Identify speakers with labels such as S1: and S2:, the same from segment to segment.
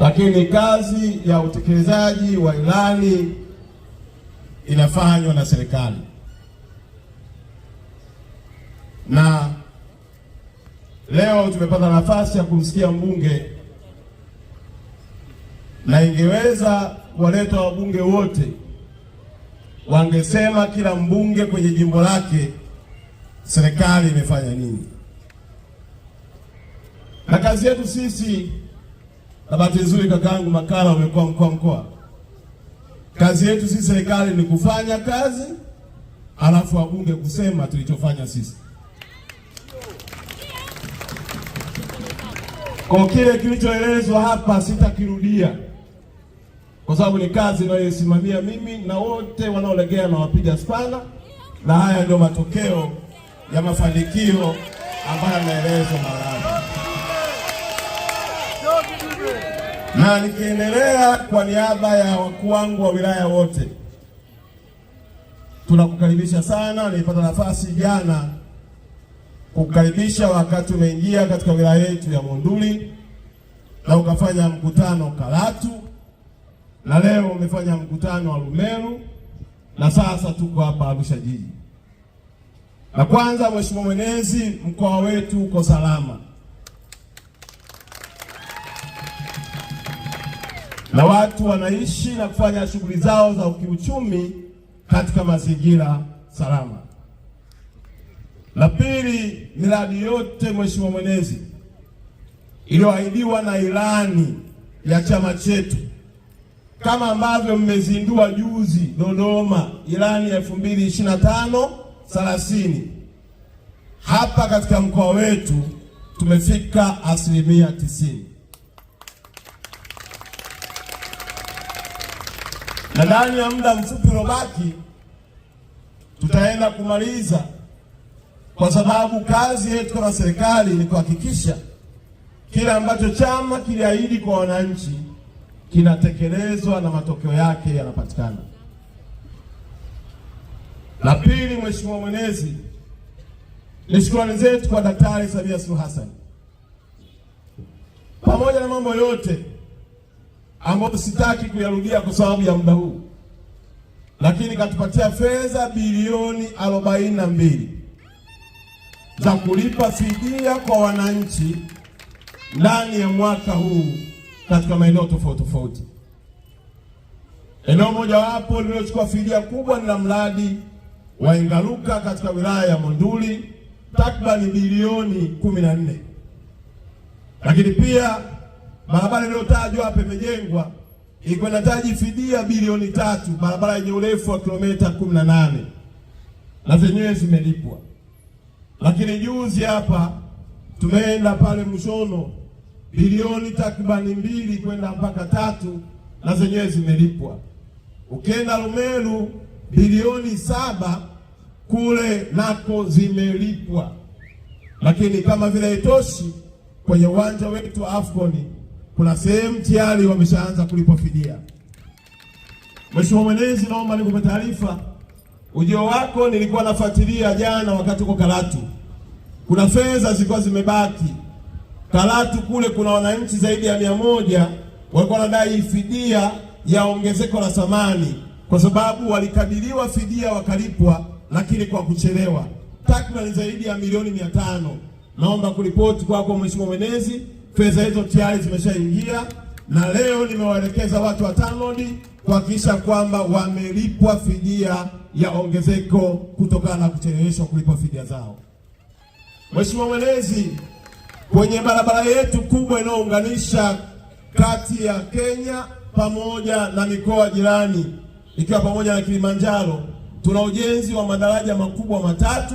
S1: lakini kazi ya utekelezaji wa ilani inafanywa na serikali na leo tumepata nafasi ya kumsikia mbunge, na ingeweza waleta wabunge wote, wangesema kila mbunge kwenye jimbo lake serikali imefanya nini, na kazi yetu sisi na bahati nzuri kakaangu Makala umekuwa mkoa mkoa. Kazi yetu sisi serikali ni kufanya kazi, alafu wabunge kusema tulichofanya sisi. Kwa kile kilichoelezwa hapa sitakirudia, kwa sababu ni kazi inayoisimamia mimi na wote wanaolegea na wapiga spana, na haya ndio matokeo ya mafanikio ambayo yameelezwa mara na nikiendelea, kwa niaba ya wakuu wangu wa wilaya wote, tunakukaribisha sana. Nilipata nafasi jana kukaribisha wakati umeingia katika wilaya yetu ya Monduli na ukafanya mkutano Karatu, na leo umefanya mkutano wa Rumeru, na sasa tuko hapa Arusha jiji. Na kwanza, Mheshimiwa Mwenezi, mkoa wetu uko salama. na watu wanaishi na kufanya shughuli zao za kiuchumi katika mazingira salama. La pili, miradi yote Mheshimiwa Mwenezi iliyoahidiwa na ilani ya chama chetu kama ambavyo mmezindua juzi Dodoma, ilani ya 2025 30 hapa katika mkoa wetu tumefika asilimia tisini. na ndani ya muda mfupi uliobaki tutaenda kumaliza, kwa sababu kazi yetu kama serikali ni kuhakikisha kile ambacho chama kiliahidi kwa wananchi kinatekelezwa na matokeo yake yanapatikana. La pili, Mheshimiwa Mwenezi, ni shukrani zetu kwa Daktari Samia Suluhu Hassan pamoja na mambo yote ambayo sitaki kuyarudia kwa sababu ya muda huu, lakini katupatia fedha bilioni arobaini na mbili za kulipa fidia kwa wananchi ndani ya mwaka huu katika maeneo tofauti tofauti. Eneo mojawapo lililochukua fidia kubwa ni la mradi wa Engaruka katika wilaya ya Monduli takribani bilioni kumi na nne, lakini pia Barabara iliyotajwa pamejengwa ilikuwa inahitaji fidia bilioni tatu, barabara yenye urefu wa kilomita 18 na zenyewe zimelipwa. Lakini juzi hapa tumeenda pale Mshono, bilioni takribani mbili kwenda mpaka tatu na zenyewe zimelipwa. Ukienda lumeru bilioni saba kule nako zimelipwa. Lakini kama vile itoshi, kwenye uwanja wetu wa Afcon kuna sehemu tayari wameshaanza kulipwa fidia. Mheshimiwa Mwenezi, naomba nikupe taarifa, ujio wako nilikuwa nafuatilia jana wakati uko Karatu, kuna fedha zilikuwa zimebaki Karatu kule. Kuna wananchi zaidi ya mia moja walikuwa wanadai fidia ya ongezeko la thamani, kwa sababu walikabiliwa fidia wakalipwa, lakini kwa kuchelewa, takriban zaidi ya milioni mia tano. Naomba kuripoti kwako Mheshimiwa Mwenezi Fedha hizo tayari zimeshaingia na leo nimewaelekeza watu wa TANROADS kuhakikisha kwamba wamelipwa fidia ya ongezeko kutokana na kucheleweshwa kulipwa fidia zao. Mheshimiwa mwenezi, kwenye barabara yetu kubwa inayounganisha kati ya Kenya pamoja na mikoa jirani ikiwa pamoja na Kilimanjaro, tuna ujenzi wa madaraja makubwa matatu.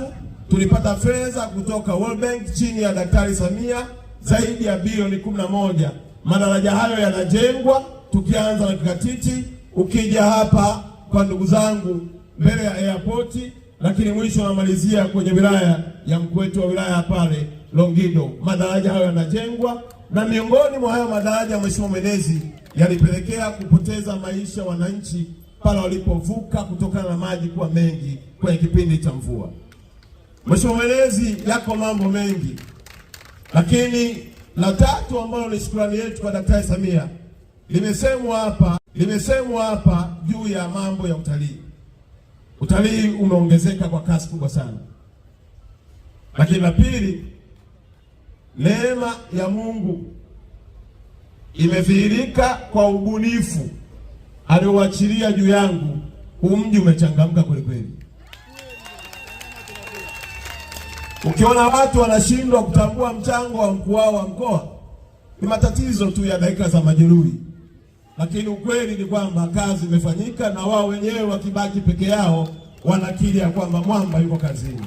S1: Tulipata fedha kutoka World Bank chini ya Daktari Samia zaidi ya bilioni moja. Madaraja hayo yanajengwa, tukianza na Kikatiti, ukija hapa kwa ndugu zangu mbele ya airport, lakini mwisho namalizia kwenye wilaya ya mkuu wetu wa wilaya pale Longido. Madaraja hayo yanajengwa, na miongoni mwa hayo madaraja, Mheshimiwa Mwenezi, yalipelekea kupoteza maisha wananchi pale walipovuka kutokana na maji kuwa mengi kwenye kipindi cha mvua. Mheshimiwa Mwenezi, yako mambo mengi lakini la tatu ambalo ni shukrani yetu kwa Daktari Samia, limesemwa hapa limesemwa hapa juu ya mambo ya utalii. Utalii umeongezeka kwa kasi kubwa sana, lakini la pili, neema ya Mungu imedhihirika kwa ubunifu aliowachilia juu yangu. Huu mji umechangamka kwelikweli Ukiona watu wanashindwa kutambua mchango wa mkuu wao wa mkoa, ni matatizo tu ya dakika za majeruhi, lakini ukweli ni kwamba kazi imefanyika, na wao wenyewe wakibaki peke yao wanakiri ya kwamba mwamba yuko kazini.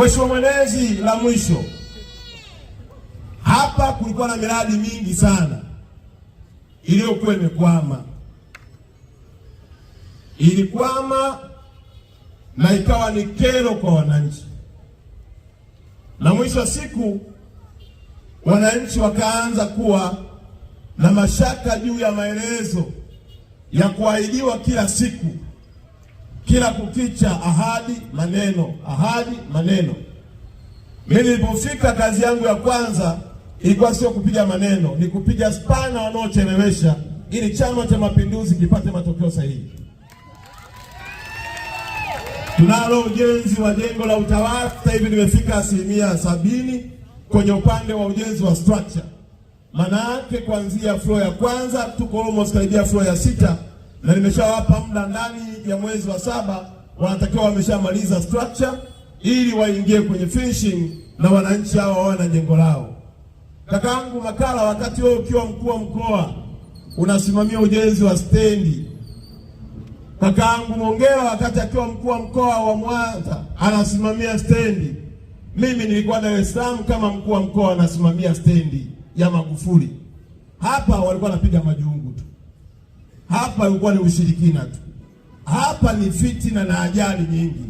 S1: Mheshimiwa Mwenezi, la mwisho hapa, kulikuwa na miradi mingi sana iliyokuwa imekwama, ilikwama na ikawa ni kero kwa wananchi, na mwisho wa siku wananchi wakaanza kuwa na mashaka juu ya maelezo ya kuahidiwa kila siku, kila kukicha, ahadi maneno, ahadi maneno. Mimi nilipofika, kazi yangu ya kwanza ilikuwa sio kupiga maneno, ni kupiga spana wanaochelewesha, ili Chama cha Mapinduzi kipate matokeo sahihi. Tunalo ujenzi wa jengo la utawala, sasa hivi limefika asilimia sabini kwenye upande wa ujenzi wa structure. Maana yake kuanzia floor ya kwanza tuko almost karibia floor ya sita, na nimeshawapa muda, ndani ya mwezi wa saba wanatakiwa wameshamaliza structure ili waingie kwenye finishing na wananchi hawa wawe na jengo lao. Kakaangu Makala, wakati wewe ukiwa mkuu wa mkoa unasimamia ujenzi wa stendi Kakaangu Mongela wakati akiwa mkuu wa mkoa wa Mwanza anasimamia stendi, mimi nilikuwa Dar es Salaam kama mkuu wa mkoa anasimamia stendi ya Magufuli. Hapa walikuwa wanapiga majungu tu, hapa ilikuwa ni ushirikina tu, hapa ni fitina na ajali nyingi.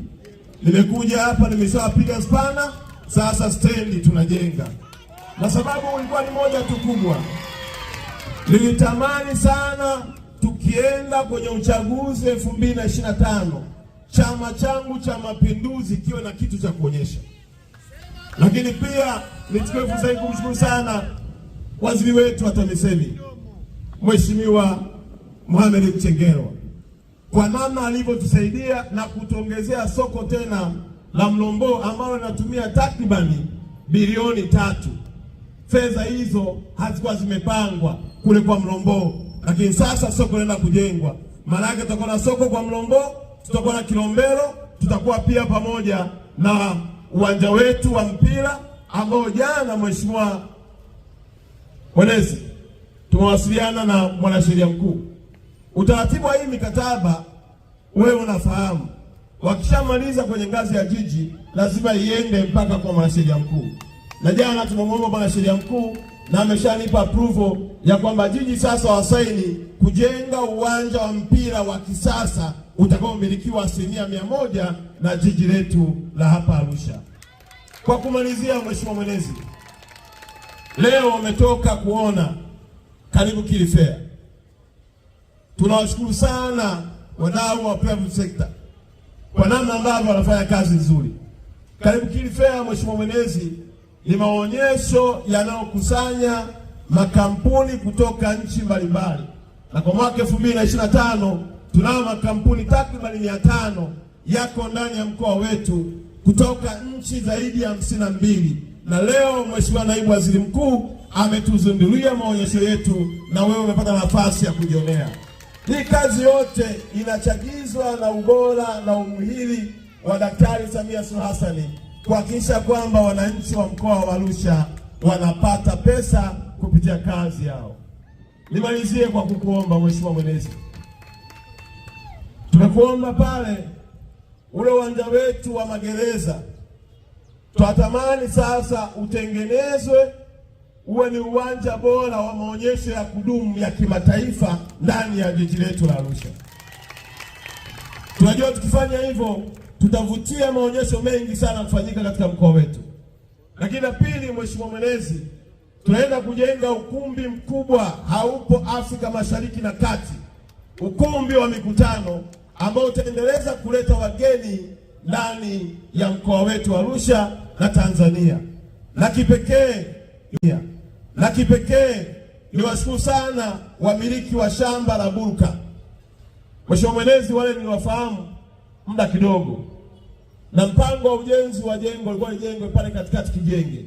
S1: Nimekuja hapa nimeshawapiga spana, sasa stendi tunajenga, na sababu ulikuwa ni moja tu kubwa, nilitamani sana tukienda kwenye uchaguzi elfu mbili na ishirini na tano chama changu cha mapinduzi kiwe na kitu cha kuonyesha. Lakini pia nichukue fursa hii kumshukuru sana waziri wetu wa TAMISEMI Mheshimiwa Mohamed Mchengerwa kwa namna alivyotusaidia na kutuongezea soko tena la Mlombo ambalo linatumia takribani bilioni tatu. Fedha hizo hazikuwa zimepangwa kule kwa mlomboo lakini sasa soko linaenda kujengwa. Maana yake tutakuwa na soko kwa Mlombo, tutakuwa na Kilombero, tutakuwa pia pamoja na uwanja wetu wa mpira ambao jana, mheshimiwa mwenezi, tumewasiliana na mwanasheria mkuu. Utaratibu wa hii mikataba wewe unafahamu, wakishamaliza kwenye ngazi ya jiji lazima iende mpaka kwa mwanasheria mkuu, na jana tumemwomba mwanasheria mkuu na ameshanipa approval ya kwamba jiji sasa wasaini kujenga uwanja wa mpira wa kisasa utakaomilikiwa asilimia mia moja na jiji letu la hapa Arusha. Kwa kumalizia, Mheshimiwa Mwenezi, leo wametoka kuona karibu kilifea. Tunawashukuru sana wadau wa private sector kwa namna ambavyo wanafanya kazi nzuri. Karibu kilifea Mheshimiwa Mwenezi ni maonyesho yanayokusanya makampuni kutoka nchi mbalimbali, na kwa mwaka 2025 tunayo makampuni takribani mia tano yako ndani ya mkoa wetu kutoka nchi zaidi ya hamsini na mbili na leo Mheshimiwa Naibu Waziri Mkuu ametuzindulia maonyesho yetu, na wewe umepata nafasi ya kujionea. Hii kazi yote inachagizwa na ubora na umhili wa Daktari Samia Suluhu Hassan kuhakikisha kwamba wananchi wa mkoa wa Arusha wanapata pesa kupitia kazi yao. Nimalizie kwa kukuomba Mheshimiwa Mwenezi, tumekuomba pale ule uwanja wetu wa magereza, twatamani sasa utengenezwe uwe ni uwanja bora wa maonyesho ya kudumu ya kimataifa ndani ya jiji letu la Arusha. Tunajua tukifanya hivyo tutavutia maonyesho mengi sana kufanyika katika mkoa wetu. Lakini la pili, Mheshimiwa Mwenezi, tunaenda kujenga ukumbi mkubwa, haupo Afrika Mashariki na Kati, ukumbi wa mikutano ambao utaendeleza kuleta wageni ndani ya mkoa wetu Arusha na Tanzania. na kipekee na kipekee ni washukuru sana wamiliki wa shamba la Burka. Mheshimiwa Mwenezi, wale niliwafahamu muda kidogo na mpango wa ujenzi wa jengo ulikuwa lijengwe pale katikati Kijenge,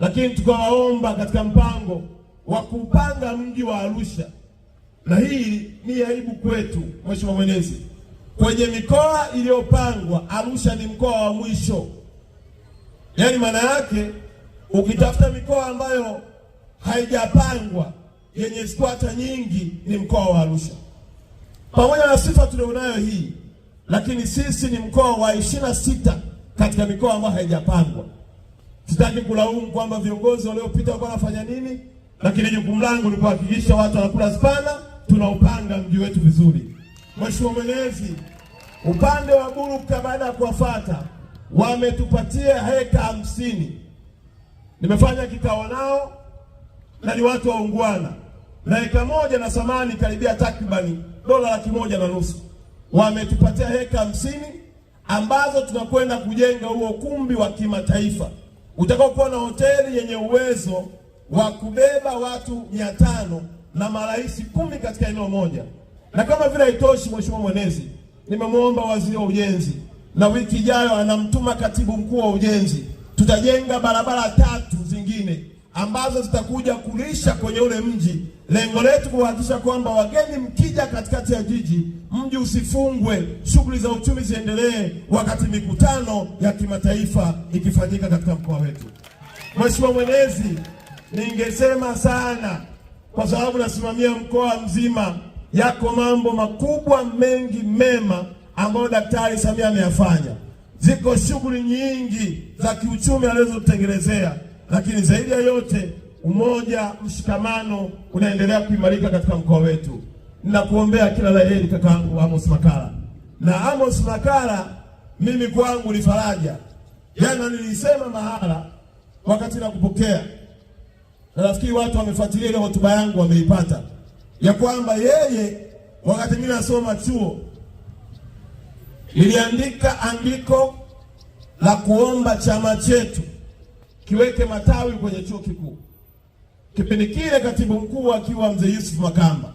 S1: lakini tukawaomba katika mpango wa kupanga mji wa Arusha, na hii ni aibu kwetu, Mheshimiwa Mwenyezi. Kwenye mikoa iliyopangwa Arusha ni mkoa wa mwisho, yaani maana yake ukitafuta mikoa ambayo haijapangwa yenye skwata nyingi ni mkoa wa Arusha. Pamoja na sifa tulionayo hii lakini sisi ni mkoa wa ishirini na sita katika mikoa ambayo haijapangwa. Sitaki kulaumu kwamba viongozi waliopita walikuwa wanafanya nini, lakini jukumu langu ni kuhakikisha watu wanakula spana, tunaupanga mji wetu vizuri. Mheshimiwa Mwenyezi, upande wa Buruka baada ya kuwafata wametupatia heka hamsini. Nimefanya kikao nao na ni watu waungwana, na heka moja na samani karibia takribani dola laki moja na nusu wametupatia heka hamsini ambazo tunakwenda kujenga huo ukumbi wa kimataifa utakaokuwa na hoteli yenye uwezo wa kubeba watu mia tano na marais kumi katika eneo moja. Na kama vile haitoshi, Mheshimiwa mwenezi, nimemwomba waziri wa ujenzi, na wiki ijayo anamtuma katibu mkuu wa ujenzi, tutajenga barabara tatu zingine ambazo zitakuja kulisha kwenye ule mji. Lengo letu kuhakikisha kwamba wageni mkija katikati ya jiji, mji usifungwe, shughuli za uchumi ziendelee, wakati mikutano ya kimataifa ikifanyika katika mkoa wetu. Mheshimiwa Mwenezi, ningesema sana kwa sababu nasimamia mkoa mzima. Yako mambo makubwa mengi mema ambayo Daktari Samia ameyafanya. Ziko shughuli nyingi za kiuchumi alizotengenezea lakini zaidi ya yote umoja, mshikamano unaendelea kuimarika katika mkoa wetu. Ninakuombea kila la heri kakaangu Amos Makala. Na Amos Makala mimi kwangu ni faraja. Jana nilisema mahala wakati nakupokea, na nafikiri watu wamefuatilia ile hotuba yangu wameipata, ya kwamba yeye wakati mimi nasoma chuo niliandika andiko la kuomba chama chetu kiweke matawi kwenye chuo kikuu. Kipindi kile katibu mkuu akiwa mzee Yusuf Makamba,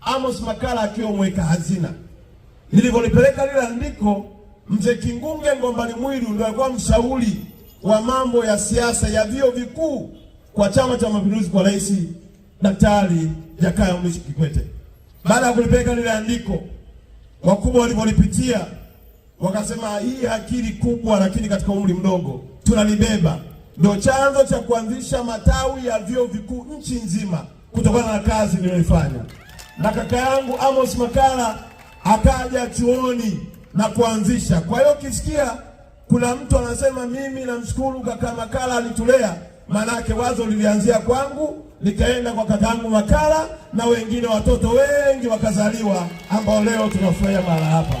S1: Amos Makala akiwa mweka hazina, nilivyolipeleka lile andiko, mzee Kingunge Ngombani Mwiru ndio alikuwa mshauri wa mambo ya siasa ya vyuo vikuu kwa Chama cha Mapinduzi, kwa Rais Daktari Jakaya Mrisho Kikwete. Baada ya kulipeleka lile andiko, wakubwa walivyolipitia wakasema, hii akili kubwa, lakini katika umri mdogo tunalibeba ndio chanzo cha kuanzisha matawi ya vyuo vikuu nchi nzima kutokana na kazi niliyoifanya, na kaka yangu Amos Makala akaja chuoni na kuanzisha. Kwa hiyo ukisikia kuna mtu anasema mimi namshukuru kaka makala alitulea, yake wazo lilianzia kwangu likaenda kwa kakaangu makala na wengine watoto wengi wakazaliwa ambao leo tunafurahia mara hapa.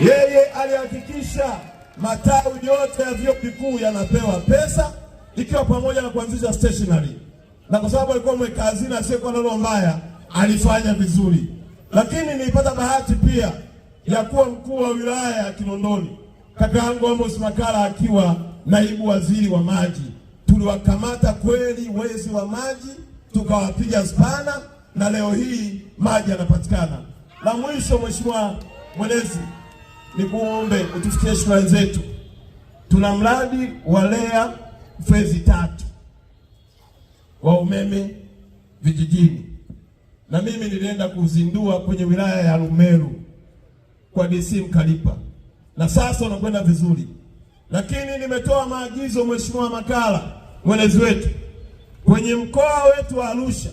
S1: Yeye alihakikisha matawi yote ya vyuo vikuu yanapewa pesa, ikiwa pamoja na kuanzisha stationery, na kwa sababu alikuwa mweka hazina asiyekuwa na roho mbaya alifanya vizuri. Lakini nilipata bahati pia ya kuwa mkuu wa wilaya ya Kinondoni, kaka yangu Amos Makala akiwa naibu waziri wa maji. Tuliwakamata kweli wezi wa maji, tukawapiga spana na leo hii maji yanapatikana. La mwisho, mheshimiwa mwenezi nikuombe utufikie shukrani zetu. Tuna mradi wa REA fezi tatu wa umeme vijijini, na mimi nilienda kuzindua kwenye wilaya ya Rumeru kwa DC Mkalipa, na sasa unakwenda vizuri, lakini nimetoa maagizo Mheshimiwa Makala, mwenezi wetu kwenye mkoa wetu wa Arusha,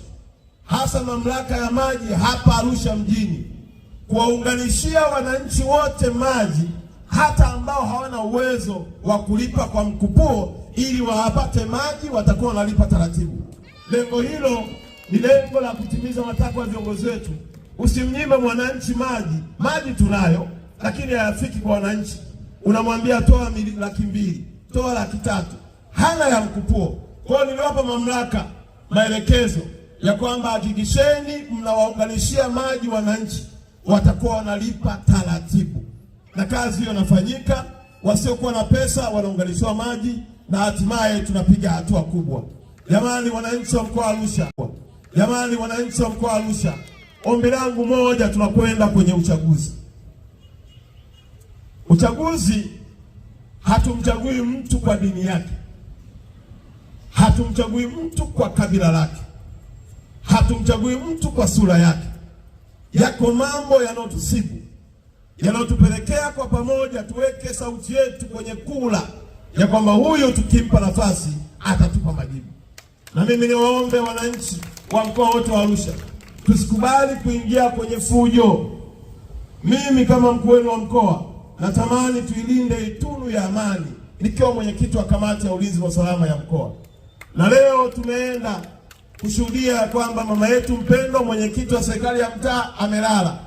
S1: hasa mamlaka ya maji hapa Arusha mjini kuwaunganishia wananchi wote maji hata ambao hawana uwezo wa kulipa kwa mkupuo, ili wapate maji watakuwa wanalipa taratibu. Lengo hilo ni lengo la kutimiza matakwa ya viongozi wetu. Usimnyime mwananchi maji. Maji tunayo, lakini hayafiki kwa wananchi. Unamwambia toa laki mbili, toa laki tatu, hana ya mkupuo. Kwa hiyo niliwapa mamlaka maelekezo ya kwamba hakikisheni mnawaunganishia maji wananchi watakuwa wanalipa taratibu, na kazi hiyo inafanyika. Wasiokuwa na pesa wanaunganishiwa maji, na hatimaye tunapiga hatua kubwa. Jamani wananchi wa mkoa wa Arusha, jamani wananchi wa mkoa wa Arusha, ombi langu moja, tunakwenda kwenye uchaguzi. Uchaguzi hatumchagui mtu kwa dini yake, hatumchagui mtu kwa kabila lake, hatumchagui mtu kwa sura yake yako mambo yanayotusibu yanayotupelekea kwa pamoja tuweke sauti yetu kwenye kula ya kwamba huyu tukimpa nafasi atatupa majibu. Na mimi niwaombe wananchi wa mkoa wote wa Arusha, tusikubali kuingia kwenye fujo. Mimi kama mkuu wenu wa mkoa natamani tuilinde Itunu ya amani, nikiwa mwenyekiti wa kamati ya ulinzi na usalama ya mkoa, na leo tumeenda kushuhudia kwamba mama yetu mpendwa, mwenyekiti wa serikali ya mtaa amelala,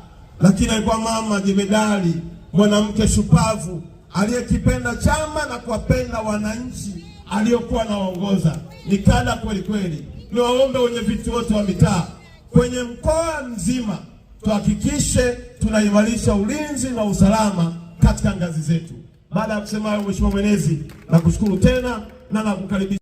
S1: lakini alikuwa mama jemedali, mwanamke shupavu aliyekipenda chama na kuwapenda wananchi aliyokuwa anaongoza. Ni kada kweli kweli. Ni waombe wenye viti wote wa mitaa kwenye mkoa mzima tuhakikishe tunaimarisha ulinzi na usalama katika ngazi zetu. Baada ya kusema hayo, Mheshimiwa Mwenezi, nakushukuru tena na nakukaribisha.